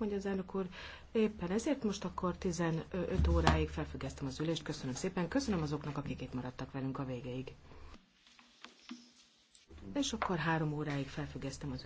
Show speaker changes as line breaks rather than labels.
mondja az elnök úr. Éppen ezért most akkor 15 óráig felfüggesztem az ülést. Köszönöm szépen, köszönöm azoknak, akik itt maradtak velünk a végéig.
És akkor három óráig felfüggesztem az